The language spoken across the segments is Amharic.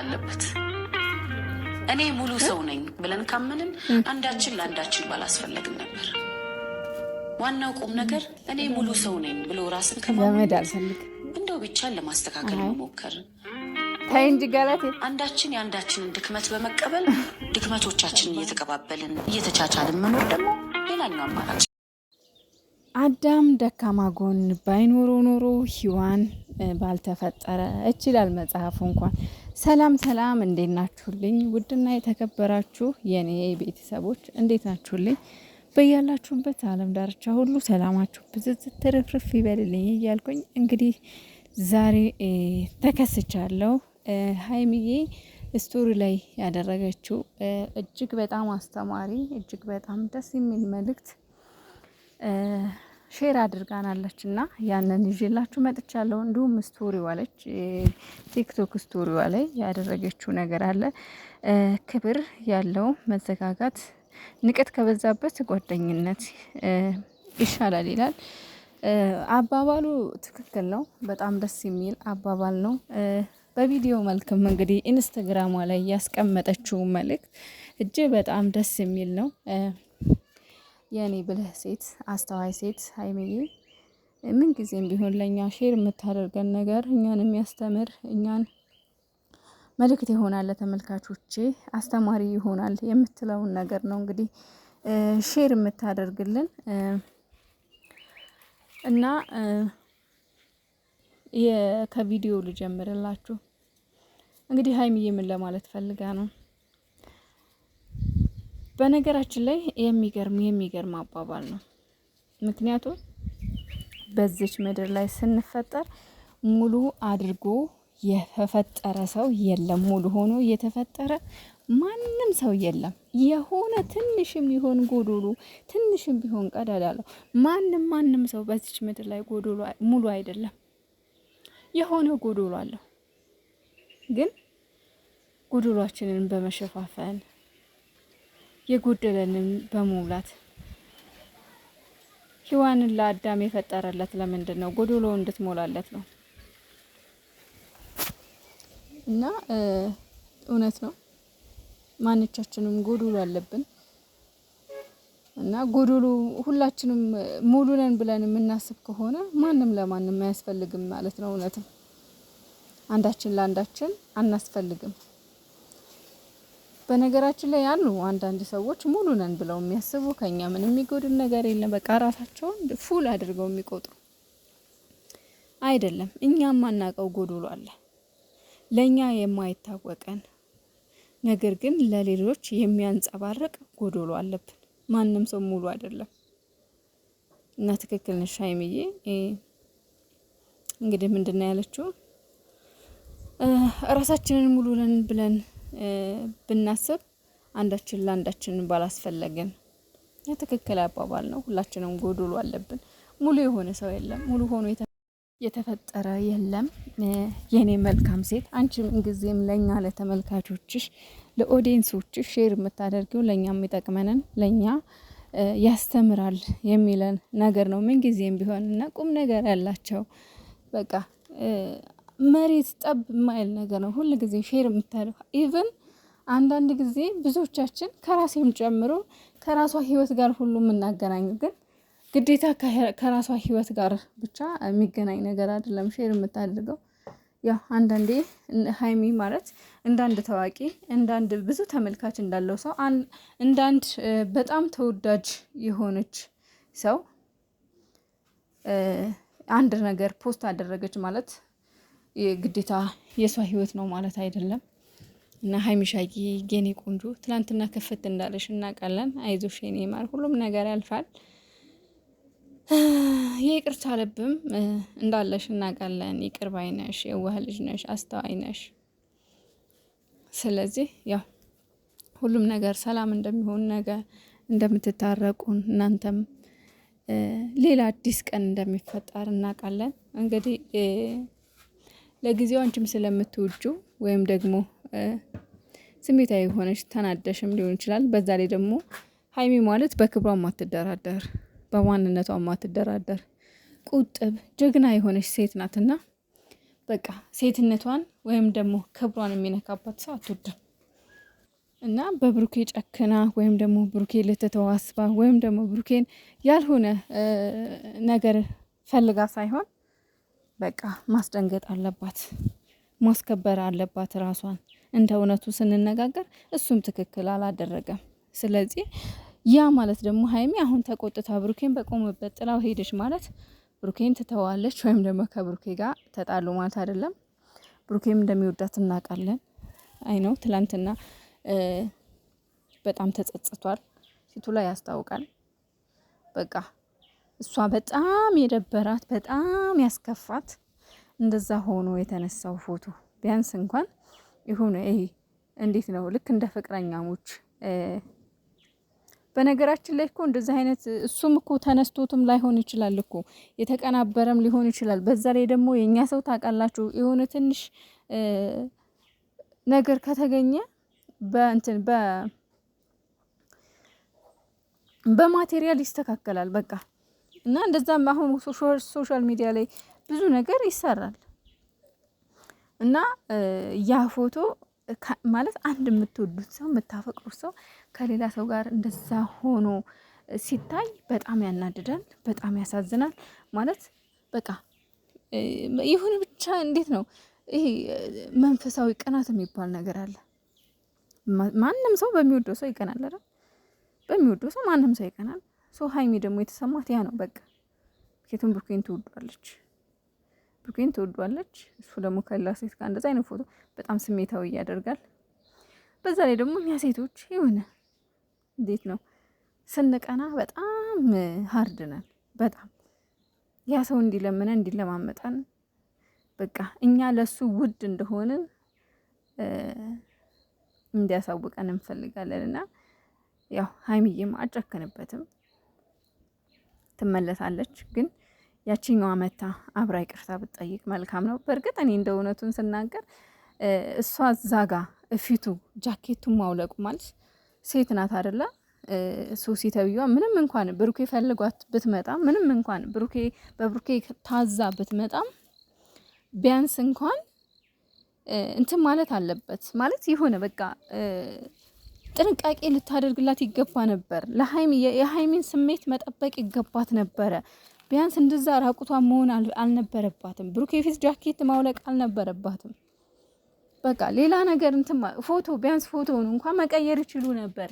አለበት። እኔ ሙሉ ሰው ነኝ ብለን ካመንን አንዳችን ለአንዳችን ባላስፈለግም ነበር። ዋናው ቁም ነገር እኔ ሙሉ ሰው ነኝ ብሎ ራስን ከመድ እንደው ብቻን ለማስተካከል መሞከር አንዳችን የአንዳችንን ድክመት በመቀበል ድክመቶቻችንን እየተቀባበልን እየተቻቻልን መኖር ደግሞ ሌላኛው አማራጭ። አዳም ደካማ ጎን ባይኖሮ ኖሮ ሔዋን ባልተፈጠረ። እችላል መጽሐፉ እንኳን ሰላም ሰላም፣ እንዴት ናችሁልኝ? ውድና የተከበራችሁ የኔ ቤተሰቦች እንዴት ናችሁልኝ? በያላችሁበት ዓለም ዳርቻ ሁሉ ሰላማችሁ ብዝት ትርፍርፍ ይበልልኝ እያልኩኝ እንግዲህ ዛሬ ተከስቻለሁ። ሀይሚዬ ስቶሪ ላይ ያደረገችው እጅግ በጣም አስተማሪ እጅግ በጣም ደስ የሚል መልእክት ሼር አድርጋናለች እና ያንን ይዤላችሁ መጥቻለሁ። እንዲሁም ስቶሪ ዋለች ቲክቶክ ስቶሪዋ ላይ ያደረገችው ነገር አለ። ክብር ያለው መዘጋጋት ንቀት ከበዛበት ጓደኝነት ይሻላል ይላል አባባሉ። ትክክል ነው። በጣም ደስ የሚል አባባል ነው። በቪዲዮ መልክም እንግዲህ ኢንስታግራሟ ላይ ያስቀመጠችው መልእክት እጅግ በጣም ደስ የሚል ነው። የእኔ ብልህ ሴት አስተዋይ ሴት ሀይሚዬ ምን ጊዜም ቢሆን ለእኛ ሼር የምታደርገን ነገር እኛን የሚያስተምር እኛን መልእክት ይሆናል ለተመልካቾቼ አስተማሪ ይሆናል የምትለውን ነገር ነው እንግዲህ ሼር የምታደርግልን እና ከቪዲዮ ልጀምርላችሁ እንግዲህ ሀይሚዬ ምን ለማለት ፈልጋ ነው በነገራችን ላይ የሚገርም የሚገርም አባባል ነው። ምክንያቱም በዚች ምድር ላይ ስንፈጠር ሙሉ አድርጎ የተፈጠረ ሰው የለም። ሙሉ ሆኖ የተፈጠረ ማንም ሰው የለም። የሆነ ትንሽም ቢሆን ጎዶሎ፣ ትንሽም ቢሆን ቀዳዳ አለው። ማንም ማንም ሰው በዚች ምድር ላይ ጎዶሎ ሙሉ አይደለም። የሆነ ጎዶሎ አለው። ግን ጎዶሏችንን በመሸፋፈን የጎደለንን በመሙላት ሔዋንን ለአዳም የፈጠረለት ለምንድን ነው? ጎዶሎ እንድትሞላለት ነው። እና እውነት ነው ማንቻችንም ጎዶሎ አለብን እና ጎዶሎ ሁላችንም ሙሉ ነን ብለን የምናስብ ከሆነ ማንም ለማንም አያስፈልግም ማለት ነው። እውነትም አንዳችን ለአንዳችን አናስፈልግም። በነገራችን ላይ ያሉ አንዳንድ ሰዎች ሙሉ ነን ብለው የሚያስቡ ከኛ ምን የሚጎድን ነገር የለም በቃ ራሳቸውን ፉል አድርገው የሚቆጥሩ አይደለም። እኛም ማናቀው ጎዶሎ አለ ለእኛ የማይታወቀን ነገር ግን ለሌሎች የሚያንጸባርቅ ጎዶሎ አለብን። ማንም ሰው ሙሉ አይደለም እና ትክክል ነሽ ሀይሚዬ። እንግዲህ ምንድን ነው ያለችው? ራሳችንን ሙሉ ነን ብለን ብናስብ አንዳችን ለአንዳችን ባላስፈለግን የትክክል አባባል ነው። ሁላችንም ጎዶሎ አለብን። ሙሉ የሆነ ሰው የለም። ሙሉ ሆኖ የተፈጠረ የለም። የኔ መልካም ሴት አንቺ ምንጊዜም ለእኛ ለተመልካቾችሽ፣ ለኦዲየንሶችሽ ሼር የምታደርጊው ለእኛ የሚጠቅመንን ለእኛ ያስተምራል የሚለን ነገር ነው። ምንጊዜም ቢሆን እና ቁም ነገር ያላቸው በቃ መሬት ጠብ የማይል ነገር ነው። ሁል ጊዜ ሼር የምታደርግ ኢቨን አንዳንድ ጊዜ ብዙዎቻችን ከራሴም ጨምሮ ከራሷ ህይወት ጋር ሁሉ የምናገናኘው ግን ግዴታ ከራሷ ህይወት ጋር ብቻ የሚገናኝ ነገር አይደለም ሼር የምታደርገው። ያው አንዳንዴ ሀይሚ ማለት እንዳንድ ታዋቂ እንዳንድ ብዙ ተመልካች እንዳለው ሰው እንዳንድ በጣም ተወዳጅ የሆነች ሰው አንድ ነገር ፖስት አደረገች ማለት ግዴታ የሷ ህይወት ነው ማለት አይደለም። እና ሀይሚሻጊ ጌኔ ቆንጆ ትላንትና ከፈት እንዳለሽ እናውቃለን። አይዞሽ የኔ ማር፣ ሁሉም ነገር ያልፋል። ይቅርታ ልብም እንዳለሽ እናውቃለን። ይቅር ባይ ነሽ፣ የዋህ ልጅ ነሽ፣ አስተዋይ ነሽ። ስለዚህ ያው ሁሉም ነገር ሰላም እንደሚሆን ነገ እንደምትታረቁን እናንተም ሌላ አዲስ ቀን እንደሚፈጠር እናውቃለን እንግዲህ ለጊዜው አንቺም ስለምትውጁ ወይም ደግሞ ስሜታዊ የሆነች ተናደሽም ሊሆን ይችላል። በዛ ላይ ደግሞ ሀይሚ ማለት በክብሯ ማትደራደር፣ በማንነቷ ማትደራደር ቁጥብ ጀግና የሆነች ሴት ናትና በቃ ሴትነቷን ወይም ደግሞ ክብሯን የሚነካባት ሰው አትወድም እና በብሩኬ ጨክና ወይም ደግሞ ብሩኬ ልትተዋስባ ወይም ደግሞ ብሩኬን ያልሆነ ነገር ፈልጋ ሳይሆን በቃ ማስደንገጥ አለባት፣ ማስከበር አለባት ራሷን። እንደ እውነቱ ስንነጋገር እሱም ትክክል አላደረገም። ስለዚህ ያ ማለት ደግሞ ሀይሚ አሁን ተቆጥታ ብሩኬን በቆመበት ጥላው ሄደች ማለት ብሩኬን ትተዋለች ወይም ደግሞ ከብሩኬ ጋር ተጣሉ ማለት አይደለም። ብሩኬም እንደሚወዳት እናውቃለን። አይ ነው ትላንትና በጣም ተጸጽቷል። ፊቱ ላይ ያስታውቃል። በቃ እሷ በጣም የደበራት በጣም ያስከፋት እንደዛ ሆኖ የተነሳው ፎቶ ቢያንስ እንኳን ይሁን ይሄ እንዴት ነው ልክ እንደ ፍቅረኛሞች በነገራችን ላይ እኮ እንደዚህ አይነት እሱም እኮ ተነስቶትም ላይሆን ይችላል እኮ የተቀናበረም ሊሆን ይችላል። በዛ ላይ ደግሞ የእኛ ሰው ታውቃላችሁ፣ የሆነ ትንሽ ነገር ከተገኘ በእንትን በ በማቴሪያል ይስተካከላል በቃ እና እንደዛም አሁን ሶሻል ሚዲያ ላይ ብዙ ነገር ይሰራል እና ያ ፎቶ ማለት አንድ የምትወዱት ሰው የምታፈቅሩት ሰው ከሌላ ሰው ጋር እንደዛ ሆኖ ሲታይ በጣም ያናድዳል፣ በጣም ያሳዝናል። ማለት በቃ ይሁን ብቻ እንዴት ነው ይሄ መንፈሳዊ ቅናት የሚባል ነገር አለ። ማንም ሰው በሚወደው ሰው ይቀናል በሚወደው ሰው ማንም ሰው ይቀናል። ሶ ሀይሚ ደግሞ የተሰማት ያ ነው በቃ። ምክንያቱም ብሩኬን ትወዷለች፣ ብሩኬን ትወዷለች። እሱ ደግሞ ከሌላ ሴት ጋር እንደዛ አይነት ፎቶ በጣም ስሜታዊ ያደርጋል። በዛ ላይ ደግሞ እኛ ሴቶች የሆነ እንዴት ነው ስንቀና በጣም ሀርድ ነን። በጣም ያ ሰው እንዲለምነን እንዲለማመጠን በቃ እኛ ለሱ ውድ እንደሆንን እንዲያሳውቀን እንፈልጋለን እና ያው ሀይሚዬም አጨክንበትም ትመለሳለች። ግን ያችኛዋ መታ አብራ ይቅርታ ብትጠይቅ መልካም ነው። በእርግጥ እኔ እንደ እውነቱን ስናገር እሷ ዛጋ እፊቱ ጃኬቱን ማውለቁ ማለት ሴት ናት አደላ ሶሲ ተብዬዋ ምንም እንኳን ብሩኬ ፈልጓት ብትመጣ ምንም እንኳን ብሩኬ በብሩኬ ታዛ ብትመጣም ቢያንስ እንኳን እንትን ማለት አለበት ማለት የሆነ በቃ ጥንቃቄ ልታደርግላት ይገባ ነበር። ለሀይሚ የሀይሚን ስሜት መጠበቅ ይገባት ነበረ። ቢያንስ እንደዛ ራቁቷ መሆን አልነበረባትም። ብሩክ የፊት ጃኬት ማውለቅ አልነበረባትም። በቃ ሌላ ነገር እንትማ ፎቶ ቢያንስ ፎቶውን እንኳን መቀየር ይችሉ ነበር።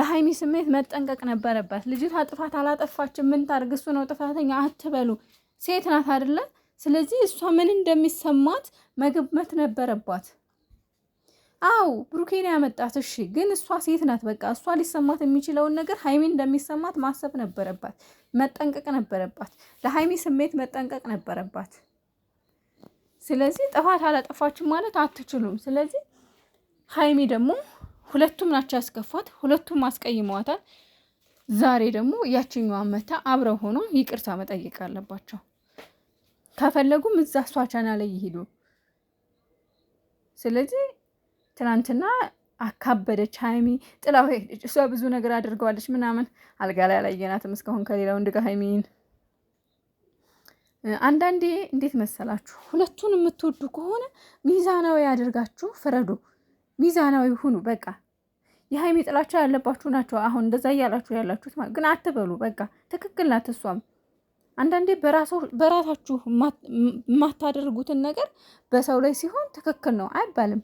ለሀይሚ ስሜት መጠንቀቅ ነበረባት። ልጅቷ ጥፋት አላጠፋችም። ምን ታርግ? እሱ ነው ጥፋተኛ አትበሉ። ሴት ናት አይደለ? ስለዚህ እሷ ምን እንደሚሰማት መገመት ነበረባት። አው ብሩኬን ያመጣት እሺ፣ ግን እሷ ሴት ናት። በቃ እሷ ሊሰማት የሚችለውን ነገር ሀይሚ እንደሚሰማት ማሰብ ነበረባት፣ መጠንቀቅ ነበረባት፣ ለሀይሚ ስሜት መጠንቀቅ ነበረባት። ስለዚህ ጥፋት አላጠፋችም ማለት አትችሉም። ስለዚህ ሀይሚ ደግሞ ሁለቱም ናቸው ያስከፏት ሁለቱም አስቀይመዋታል። ዛሬ ደግሞ ያችኛዋን መታ አብረው ሆኖ ይቅርታ መጠየቅ አለባቸው። ከፈለጉም እዛ እሷ ቻና ላይ ይሄዱ። ስለዚህ ትናንትና አካበደች ሀይሚ ጥላው ሄደች። እሷ ብዙ ነገር አድርገዋለች ምናምን አልጋ ላይ አላየናትም እስካሁን ከሌላ ወንድ ጋር ሀይሚን። አንዳንዴ እንዴት መሰላችሁ ሁለቱን የምትወዱ ከሆነ ሚዛናዊ አድርጋችሁ ፍረዱ። ሚዛናዊ ሁኑ። በቃ የሀይሚ ጥላቻ ያለባችሁ ናቸው አሁን እንደዛ እያላችሁ ያላችሁት ግን አትበሉ። በቃ ትክክል ናት እሷም አንዳንዴ በራሳችሁ የማታደርጉትን ነገር በሰው ላይ ሲሆን ትክክል ነው አይባልም።